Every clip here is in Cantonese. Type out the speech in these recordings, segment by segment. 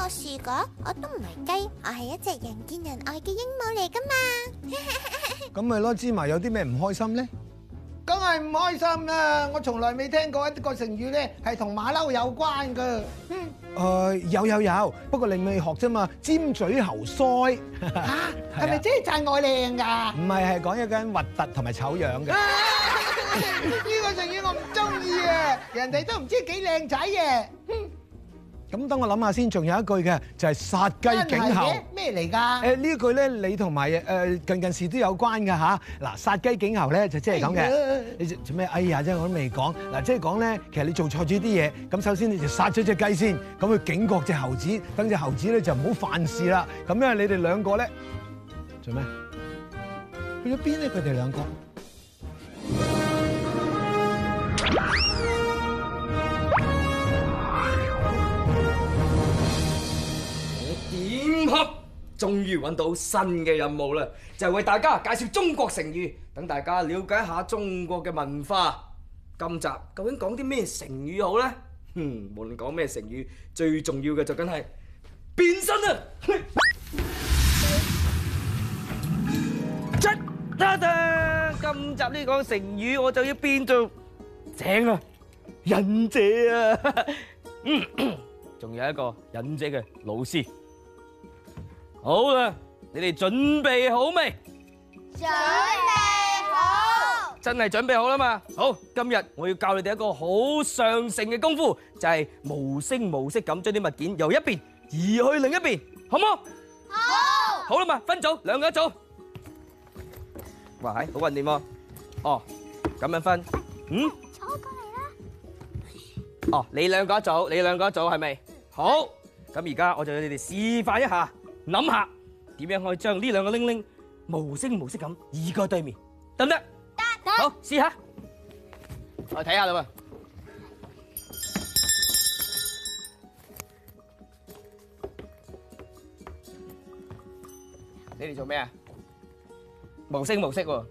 我樹果我都唔係雞，我係一隻人見人愛嘅鸚鵡嚟噶嘛。咁咪咯，芝麻有啲咩唔開心咧？梗係唔開心啦！我從來未聽過一個成語咧係同馬騮有關噶。誒，有有有，不過你未學啫嘛？尖嘴猴腮啊？係咪即係讚我靚噶？唔係，係講一個核突同埋醜樣嘅。呢個成語我唔中意啊！人哋都唔知幾靚仔嘅。咁等我諗下先，仲有一句嘅就係殺雞儆猴，咩嚟噶？誒、呃、呢句咧，你同埋誒近近事都有關㗎。吓、啊。嗱，殺雞儆猴咧就即係咁嘅。哎、呀你做咩？哎呀，即係我都未講。嗱、啊，即係講咧，其實你做錯咗啲嘢，咁首先你就殺咗隻雞先，咁去警告隻猴子，等隻猴子咧就唔好犯事啦。咁因為你哋兩個咧做咩？去咗邊咧？佢哋兩個？終於揾到新嘅任務啦，就係為大家介紹中國成語，等大家瞭解一下中國嘅文化。今集究竟講啲咩成語好咧？嗯，無論講咩成語，最重要嘅就梗係變身啊！出啦啦！今集呢個成語，我就要變做正啊忍者啊，嗯，仲有一個忍者嘅老師。好啦，你哋準備好未？準備好。真係準備好啦嘛？好，今日我要教你哋一個好上乘嘅功夫，就係無聲無息咁將啲物件由一邊移去另一邊，好唔好？好。好啦嘛，分組，兩個一組。哇，係，好運啲喎。哦，咁樣分。嗯。坐過嚟啦。哦，你兩個一組，你兩個一組係咪？好。咁而家我就要你哋示範一下。諗下點樣可以將呢兩個鈴鈴無聲無息咁移過對面，得唔得？得得，好，試得下。我睇下你噃。你哋做咩啊？無聲無息喎，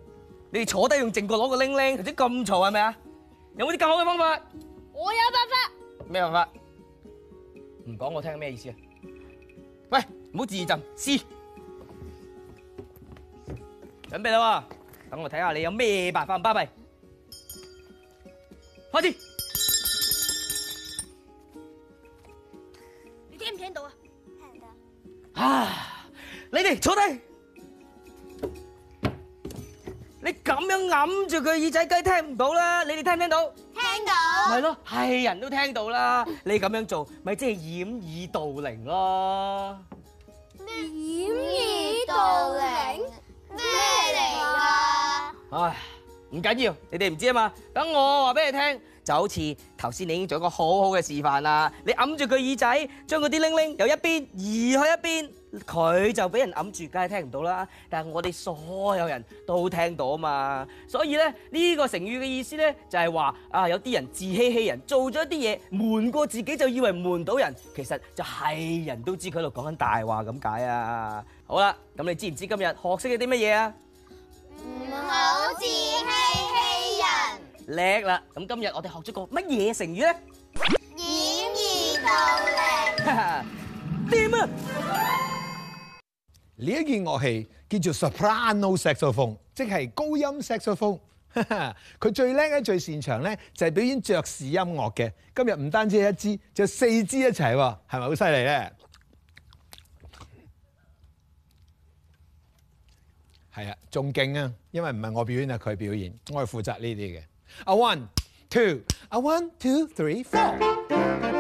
你哋坐低用靜角攞個鈴鈴，或者咁嘈係咪啊？有冇啲更好嘅方法？我有辦法。咩辦法？唔講我聽咩意思啊？唔好自震，試準備啦！等我睇下你有咩辦法，巴閉快啲！你聽唔聽到啊？聽到。啊！你哋坐低，你咁樣揞住佢耳仔，梗係聽唔到啦！你哋聽唔聽到？聽到。咪咯，係人都聽到啦。你咁樣做，咪即係掩耳盜鈴咯。掩耳盜鈴咩嚟噶？唉，唔緊要，你哋唔知啊嘛。等我話俾你聽，就好似頭先你已經做一個好好嘅示範啦。你揞住佢耳仔，將嗰啲鈴鈴由一邊移去一邊。佢就俾人揞住，梗係聽唔到啦。但係我哋所有人都聽到啊嘛。所以咧，呢個成語嘅意思咧，就係話啊，有啲人自欺欺人，做咗啲嘢瞞過自己，就以為瞞到人，其實就係人都知佢喺度講緊大話咁解啊。好啦，咁你知唔知今日學識咗啲乜嘢啊？唔好自欺欺人。叻啦！咁今日我哋學咗個乜嘢成語咧？掩耳盜鈴。點啊？ 呢一件樂器叫做 Soprano Saxophone，即係高音 Saxophone。佢 最叻咧、最擅長咧就係表演爵士音樂嘅。今日唔單止係一支，就四支一齊，係咪好犀利咧？係啊，仲勁啊！因為唔係我表演啊，佢表演，我係負責呢啲嘅。A one, two, A one, two, three, four。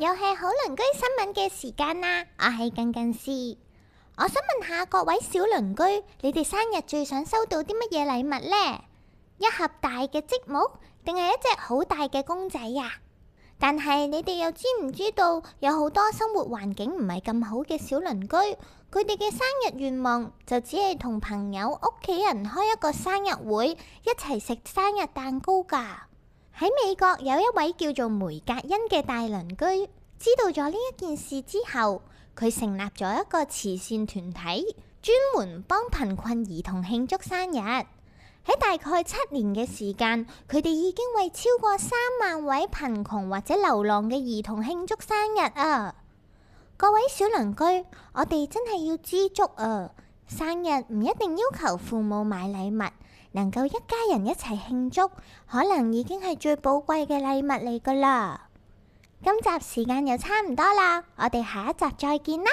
又係好鄰居新聞嘅時間啦，我係近近事，我想問下各位小鄰居，你哋生日最想收到啲乜嘢禮物呢？一盒大嘅積木，定係一隻好大嘅公仔呀？但係你哋又知唔知道，有好多生活環境唔係咁好嘅小鄰居，佢哋嘅生日願望就只係同朋友、屋企人開一個生日會，一齊食生日蛋糕噶。喺美國有一位叫做梅格恩嘅大鄰居，知道咗呢一件事之後，佢成立咗一個慈善團體，專門幫貧困兒童慶祝生日。喺大概七年嘅時間，佢哋已經為超過三萬位貧窮或者流浪嘅兒童慶祝生日啊！各位小鄰居，我哋真係要知足啊！生日唔一定要求父母買禮物，能夠一家人一齊慶祝，可能已經係最寶貴嘅禮物嚟噶啦。今集時間又差唔多啦，我哋下一集再見啦。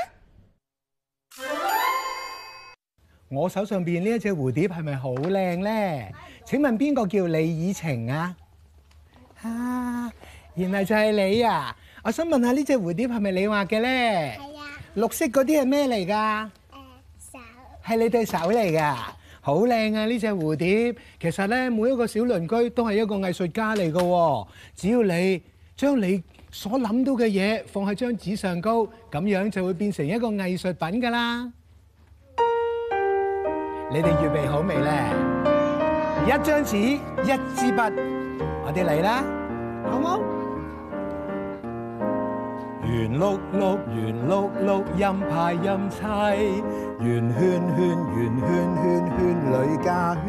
我手上邊呢一隻蝴蝶係咪好靚呢？係啊。請問邊個叫李以晴啊？啊，原來就係你啊！我想問下呢隻蝴蝶係咪你畫嘅呢？係啊的。綠色嗰啲係咩嚟噶？係你對手嚟噶，好靚啊！呢隻蝴蝶其實呢，每一個小鄰居都係一個藝術家嚟噶。只要你將你所諗到嘅嘢放喺張紙上高，咁樣就會變成一個藝術品噶啦。你哋預備好未呢？一張紙，一支筆，我哋嚟啦，好冇？圓碌碌，圓碌碌，音派音砌，圓圈圈，圓圈，圈圈，圈裏加圈。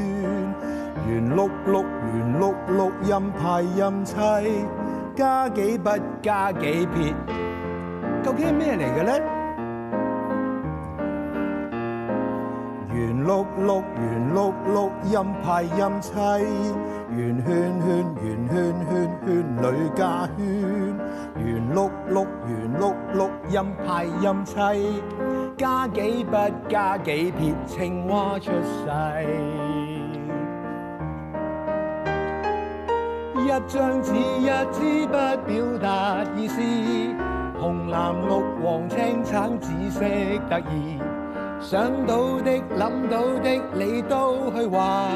圓碌碌，圓碌碌，音派音砌，加幾筆，加幾撇，究竟係咩嚟嘅咧？碌碌圓碌碌，音派音砌，圓圈圈圓圈圈圈，圈，圈，圈女加圈，圓碌碌圓碌碌，音派音砌，加幾筆加幾撇，青蛙出世。一張紙一支筆，表達意思。紅藍綠黃青橙紫色得意。想到的、諗到的，你都去話，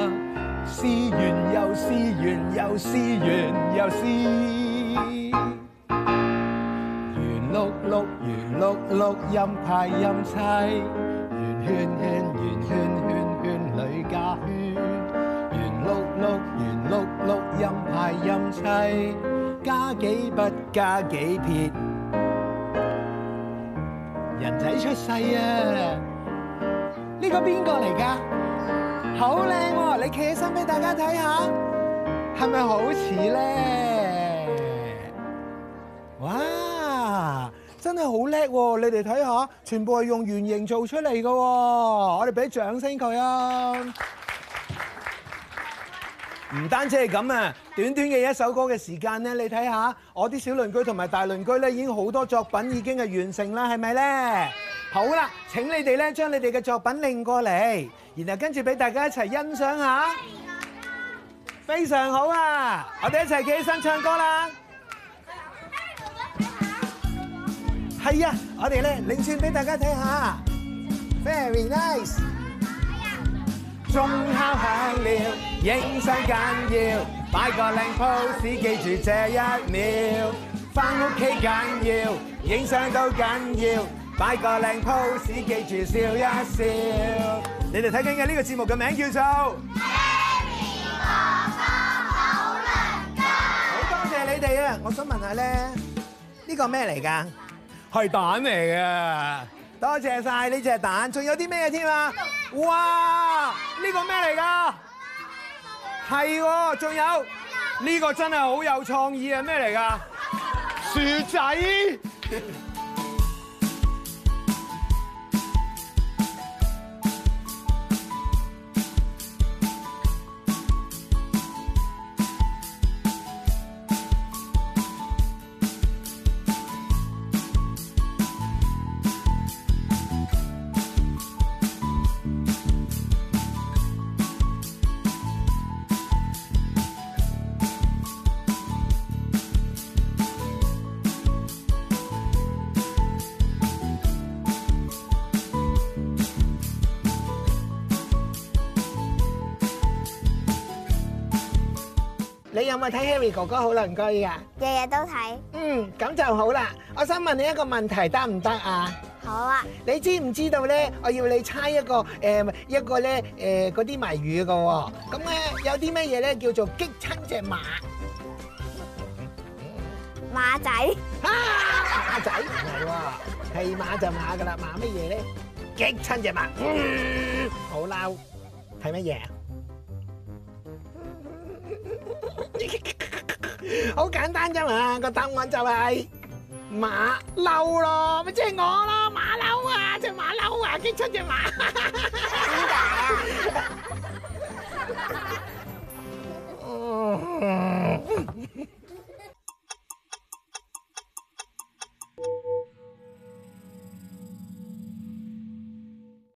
試完又試完，又試完又試，圓碌碌圓碌碌音派音砌，圓圈圈圓圈圈圈裏加圈，圓碌碌圓碌碌音派音砌，加幾筆加，加幾撇，人仔出世啊！呢個邊個嚟㗎？好靚喎！你企起身俾大家睇下，係咪好似咧？哇！真係好叻喎！你哋睇下，全部係用圓形做出嚟嘅。我哋俾啲掌聲佢啊！唔單止係咁啊！短短嘅一首歌嘅時間咧，你睇下，我啲小鄰居同埋大鄰居咧，已經好多作品已經係完成啦，係咪咧？好啦，請你哋咧將你哋嘅作品拎過嚟，然後跟住俾大家一齊欣賞下。非常好啊！我哋一齊企起身唱歌啦。係啊！我哋咧拎轉俾大家睇下。Very nice。鐘敲響了，影相緊要，擺個靚 pose，記住這一秒。翻屋企緊要，影相都緊要。擺個靚 pose，記住笑一笑。你哋睇緊嘅呢個節目嘅名叫做《Happy 哥哥好能幹》。好多謝你哋啊！我想問下咧，呢個咩嚟㗎？係蛋嚟嘅。多謝晒呢隻蛋，仲有啲咩㗎添啊？哇！呢個咩嚟㗎？係喎，仲有呢個真係好有創意啊！咩嚟㗎？薯仔。你有冇睇 Harry 哥哥好鄰居啊？日日都睇。嗯，咁就好啦。我想問你一個問題，得唔得啊？好啊。你知唔知道咧？我要你猜一個誒，一個咧誒嗰啲謎語噶。咁咧有啲乜嘢咧叫做激親隻馬？馬仔、啊？馬仔。馬仔唔係喎，係馬就馬噶啦，馬乜嘢咧？激親隻馬。嗯，好嬲，係乜嘢？好簡單啫嘛，個答案就係馬騮咯，咪即係我咯，馬騮啊，隻馬騮啊，激出隻馬。